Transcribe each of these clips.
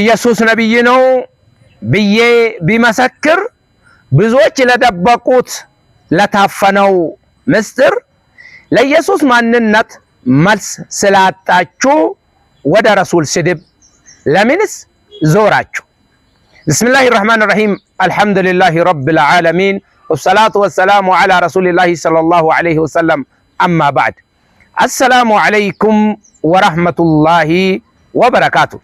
ኢየሱስ ነቢይ ነው ብዬ ቢመሰክር ብዙዎች ለደበቁት ለታፈነው ምስጢር ለኢየሱስ ማንነት መልስ ስላጣችሁ ወደ ረሱል ስድብ ለምንስ ዞራችሁ? بسم الله الرحمن الرحيم الحمد لله رب العالمين والصلاة والسلام على رسول الله صلى الله عليه وسلم أما بعد السلام عليكم ورحمة الله وبركاته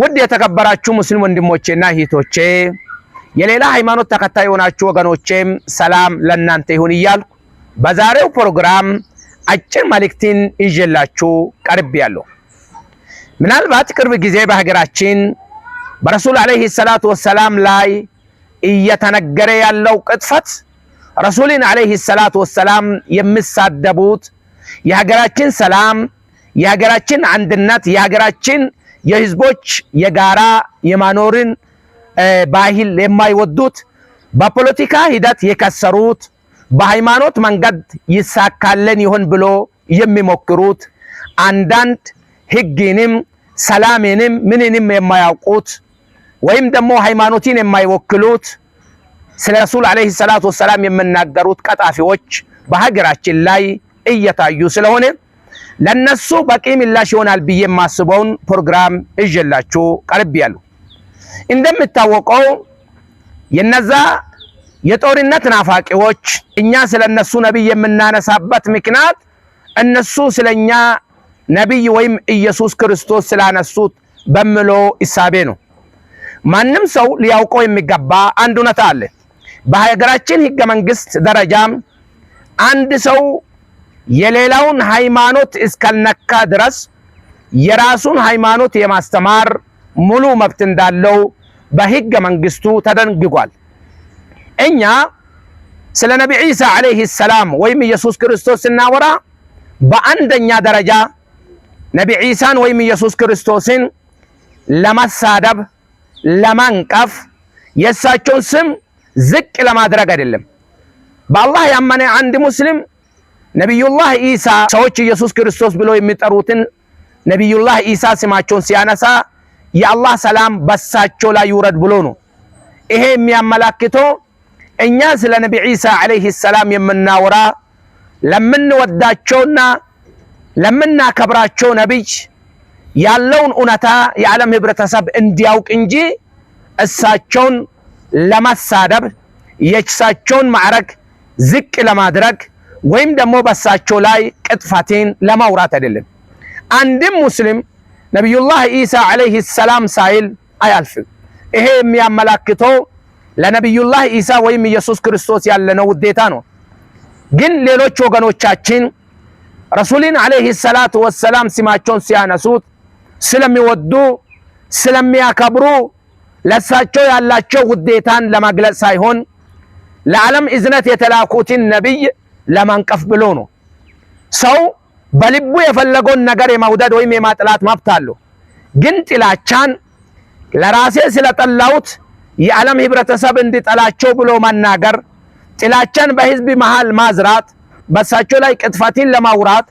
ውድ የተከበራችሁ ሙስሊም ወንድሞቼና እህቶቼ የሌላ ሃይማኖት ተከታይ የሆናችሁ ወገኖቼም ሰላም ለእናንተ ይሁን እያልኩ በዛሬው ፕሮግራም አጭር መልእክትን ይዤላችሁ ቀርቤያለሁ። ምናልባት ቅርብ ጊዜ በሀገራችን በረሱል ዓለይሂ ሰላቱ ወሰላም ላይ እየተነገረ ያለው ቅጥፈት፣ ረሱልን ዓለይሂ ሰላቱ ወሰላም የሚሳደቡት የሀገራችን ሰላም፣ የሀገራችን አንድነት፣ የሀገራችን የህዝቦች የጋራ የማኖርን ባህል የማይወዱት በፖለቲካ ሂደት የከሰሩት በሃይማኖት መንገድ ይሳካለን ይሆን ብሎ የሚሞክሩት አንዳንድ ህግንም ሰላምንም ምንንም የማያውቁት ወይም ደግሞ ሃይማኖትን የማይወክሉት ስለ ረሱል ዓለይሂ ሰላቱ ወሰላም የምናገሩት ቀጣፊዎች በሀገራችን ላይ እየታዩ ስለሆነ ለነሱ በቂ ምላሽ ይሆናል ብዬ የማስበውን ፕሮግራም ቀርብ ያሉ እንደሚታወቀው የነዛ የጦርነት ናፋቂዎች እኛ ስለ እነሱ ነቢይ የምናነሳበት ምክንያት እነሱ ስለኛ ነቢይ ወይም ኢየሱስ ክርስቶስ ስላነሱት በምሎ እሳቤ ነው። ማንም ሰው ሊያውቀው የሚገባ አንድ እውነት አለ። በሀገራችን ህገ መንግስት ደረጃም አንድ ሰው የሌላውን ሃይማኖት እስከነካ ድረስ የራሱን ሃይማኖት የማስተማር ሙሉ መብት እንዳለው በህገ መንግስቱ ተደንግጓል። እኛ ስለ ነቢ ኢሳ አለይሂ ሰላም ወይም ኢየሱስ ክርስቶስ ስናወራ በአንደኛ ደረጃ ነቢ ኢሳን ወይም ኢየሱስ ክርስቶስን ለማሳደብ፣ ለማንቀፍ፣ የእሳቸውን ስም ዝቅ ለማድረግ አይደለም። በአላህ ያመነ አንድ ሙስሊም ነቢዩላህ ኢሳ ሰዎች ኢየሱስ ክርስቶስ ብሎ የሚጠሩትን ነቢዩላህ ኢሳ ስማቸውን ሲያነሳ የአላህ ሰላም በሳቸው ላይ ይውረድ ብሎ ነው። ይሄ የሚያመላክተው እኛ ስለ ነቢ ኢሳ ዓለይህ ሰላም የምናወራ ለምንወዳቸውና ለምናከብራቸው ነቢይ ያለውን እውነታ የዓለም ህብረተሰብ እንዲያውቅ እንጂ እሳቸውን ለመሳደብ የእሳቸውን ማዕረግ ዝቅ ለማድረግ ወይም ደግሞ በሳቸው ላይ ቅጥፈቴን ለማውራት አይደለም። አንድም ሙስሊም ነቢዩላህ ኢሳ ዓለይህ ሰላም ሳይል አያልፍም። ይሄ የሚያመላክተው ለነቢዩላህ ኢሳ ወይም ኢየሱስ ክርስቶስ ያለነው ውዴታ ነው። ግን ሌሎች ወገኖቻችን ረሱልን ዓለይህ ሰላቱ ወሰላም ስማቸውን ሲያነሱት ስለሚወዱ ስለሚያከብሩ ለእሳቸው ያላቸው ውዴታን ለመግለጽ ሳይሆን ለዓለም እዝነት የተላኩትን ነቢይ ለማንቀፍ ብሎ ነው። ሰው በልቡ የፈለገውን ነገር የመውደድ ወይም የማጥላት መብት አለው። ግን ጥላቻን ለራሴ ስለጠላሁት የዓለም ህብረተሰብ እንዲጠላቸው ብሎ መናገር፣ ጥላቻን በህዝብ መሃል ማዝራት፣ በሳቸው ላይ ቅጥፈትን ለማውራት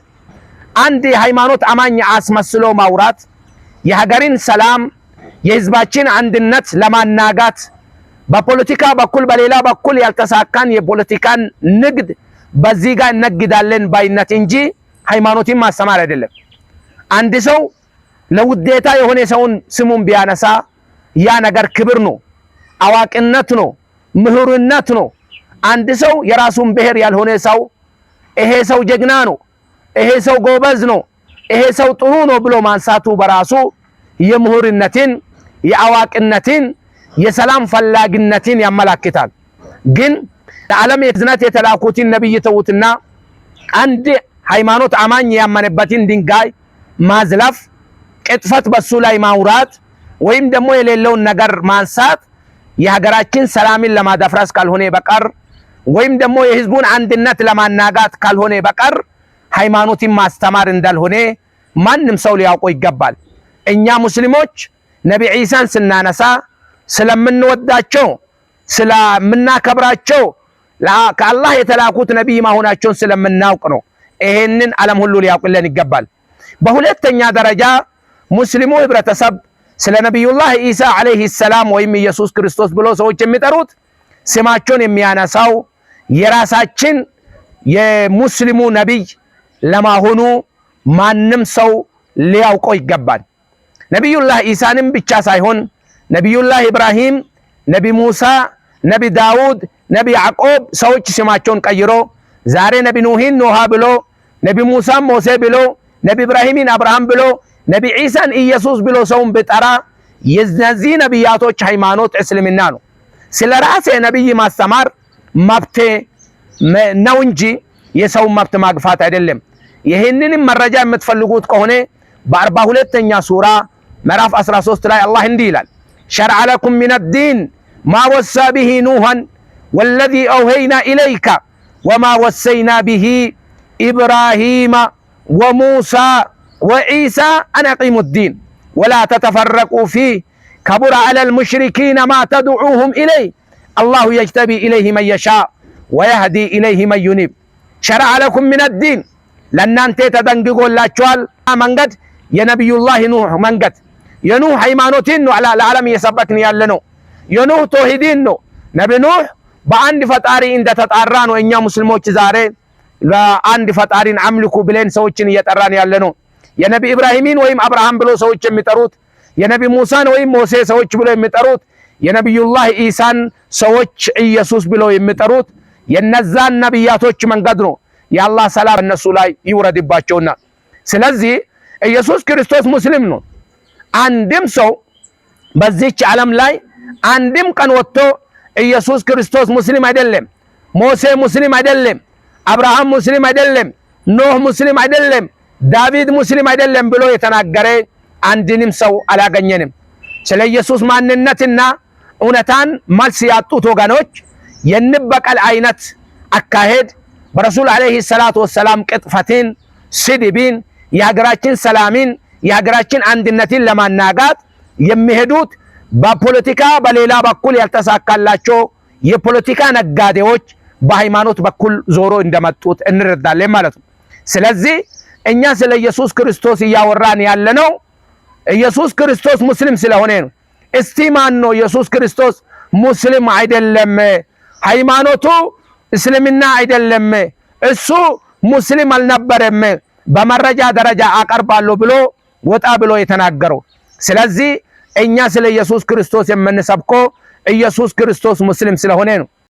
አንድ የሃይማኖት አማኝ አስመስሎ ማውራት፣ የሀገርን ሰላም የህዝባችን አንድነት ለማናጋት በፖለቲካ በኩል በሌላ በኩል ያልተሳካን የፖለቲካን ንግድ በዚህ ጋር እነግዳለን ባይነት እንጂ ሃይማኖትን ማስተማር አይደለም። አንድ ሰው ለውዴታ የሆነ ሰውን ስሙን ቢያነሳ ያ ነገር ክብር ነው፣ አዋቂነት ነው፣ ምሁርነት ነው። አንድ ሰው የራሱን ብሔር ያልሆነ ሰው ይሄ ሰው ጀግና ነው፣ ይሄ ሰው ጎበዝ ነው፣ ይሄ ሰው ጥሩ ነው ብሎ ማንሳቱ በራሱ የምሁርነትን፣ የአዋቂነትን፣ የሰላም ፈላጊነትን ያመላክታል ግን ለዓለም የዝነት የተላኩትን ነብይ ተዉትና አንድ ሃይማኖት አማኝ ያመነበትን ድንጋይ ማዝለፍ፣ ቅጥፈት በሱ ላይ ማውራት ወይም ደግሞ የሌለውን ነገር ማንሳት የሀገራችን ሰላምን ለማደፍረስ ካልሆነ በቀር ወይም ደግሞ የህዝቡን አንድነት ለማናጋት ካልሆነ በቀር ሃይማኖትን ማስተማር እንዳልሆነ ማንም ሰው ሊያውቆ ይገባል። እኛ ሙስሊሞች ነቢ ዒሳን ስናነሳ ስለምንወዳቸው ስለምናከብራቸው ከአላህ የተላኩት ነቢይ መሆናቸውን ስለምናውቅ ነው። ይሄንን ዓለም ሁሉ ሊያውቅልን ይገባል። በሁለተኛ ደረጃ ሙስሊሙ ህብረተሰብ ስለ ነቢዩላህ ኢሳ ዓለይህ ሰላም ወይም ኢየሱስ ክርስቶስ ብሎ ሰዎች የሚጠሩት ስማቸውን የሚያነሳው የራሳችን የሙስሊሙ ነቢይ ለማሆኑ ማንም ሰው ሊያውቀው ይገባል። ነቢዩላህ ኢሳንም ብቻ ሳይሆን ነቢዩላህ ኢብራሂም፣ ነቢ ሙሳ፣ ነቢ ዳውድ ነቢ ያዕቆብ ሰዎች ስማቸውን ቀይሮ ዛሬ ነቢ ኑሂን ኖሃ ብሎ ነቢ ሙሳን ሞሴ ብሎ ነቢ ኢብራሂምን አብርሃም ብሎ ነቢ ዒሳን ኢየሱስ ብሎ ሰውን ብጠራ የነዚህ ነቢያቶች ሃይማኖት እስልምና ነው። ስለ ራሴ ነቢይ ማስተማር መብቴ ነው እንጂ የሰውን መብት ማግፋት አይደለም። ይህንንም መረጃ የምትፈልጉት ከሆነ በአርባ ሁለተኛ ሱራ ምዕራፍ 13 ላይ አላህ እንዲህ ይላል፣ ሸርዐ ለኩም ሚነ ዲን ማ ወሳ ቢሂ ኑሃን والذي أوهينا إليك وما وسينا به إبراهيم وموسى وعيسى أن أقيموا الدين ولا تتفرقوا فيه كبر على المشركين ما تدعوهم إليه الله يجتبي إليه من يشاء ويهدي إليه من ينيب شرع لكم من الدين لأن أنت تدنقوا لا تشوال قد يا نبي الله نوح قد يا نوح إيمانوتين على العالم يثبتني يا لنو يا نوح توحيدين نبي نوح በአንድ ፈጣሪ እንደተጣራ ነው። እኛ ሙስሊሞች ዛሬ በአንድ ፈጣሪን አምልኩ ብለን ሰዎችን እየጠራን ያለ ነው። የነቢ ኢብራሂምን ወይም አብርሃም ብሎ ሰዎች የሚጠሩት የነቢ ሙሳን ወይም ሞሴ ሰዎች ብሎ የሚጠሩት የነቢዩላህ ኢሳን ሰዎች ኢየሱስ ብሎ የሚጠሩት የነዛን ነቢያቶች መንገድ ነው። የአላህ ሰላም እነሱ ላይ ይውረድባቸውና ስለዚህ ኢየሱስ ክርስቶስ ሙስሊም ነው። አንድም ሰው በዚች ዓለም ላይ አንድም ቀን ወጥቶ ኢየሱስ ክርስቶስ ሙስሊም አይደለም። ሞሴ ሙስሊም አይደለም። አብርሃም ሙስሊም አይደለም። ኖህ ሙስሊም አይደለም። ዳቪድ ሙስሊም አይደለም ብሎ የተናገረ አንድንም ሰው አላገኘንም። ስለ ኢየሱስ ማንነትና እውነታን መልስ ያጡት ወገኖች የንበቀል አይነት አካሄድ በረሱል አለይሂ ሰላቱ ወሰላም ቅጥፈትን፣ ስድብን፣ የሀገራችን ሰላምን፣ የሀገራችን አንድነትን ለማናጋት የሚሄዱት በፖለቲካ በሌላ በኩል ያልተሳካላቸው የፖለቲካ ነጋዴዎች በሃይማኖት በኩል ዞሮ እንደመጡት እንረዳለን ማለት ነው። ስለዚህ እኛ ስለ ኢየሱስ ክርስቶስ እያወራን ያለነው ኢየሱስ ክርስቶስ ሙስሊም ስለሆነ ነው። እስቲ ማን ነው ኢየሱስ ክርስቶስ ሙስሊም አይደለም፣ ሃይማኖቱ እስልምና አይደለም፣ እሱ ሙስሊም አልነበረም፣ በመረጃ ደረጃ አቀርባለሁ ብሎ ወጣ ብሎ የተናገረው ስለዚህ እኛ ስለ ኢየሱስ ክርስቶስ የምንሰብከው ኢየሱስ ክርስቶስ ሙስሊም ስለሆነ ነው።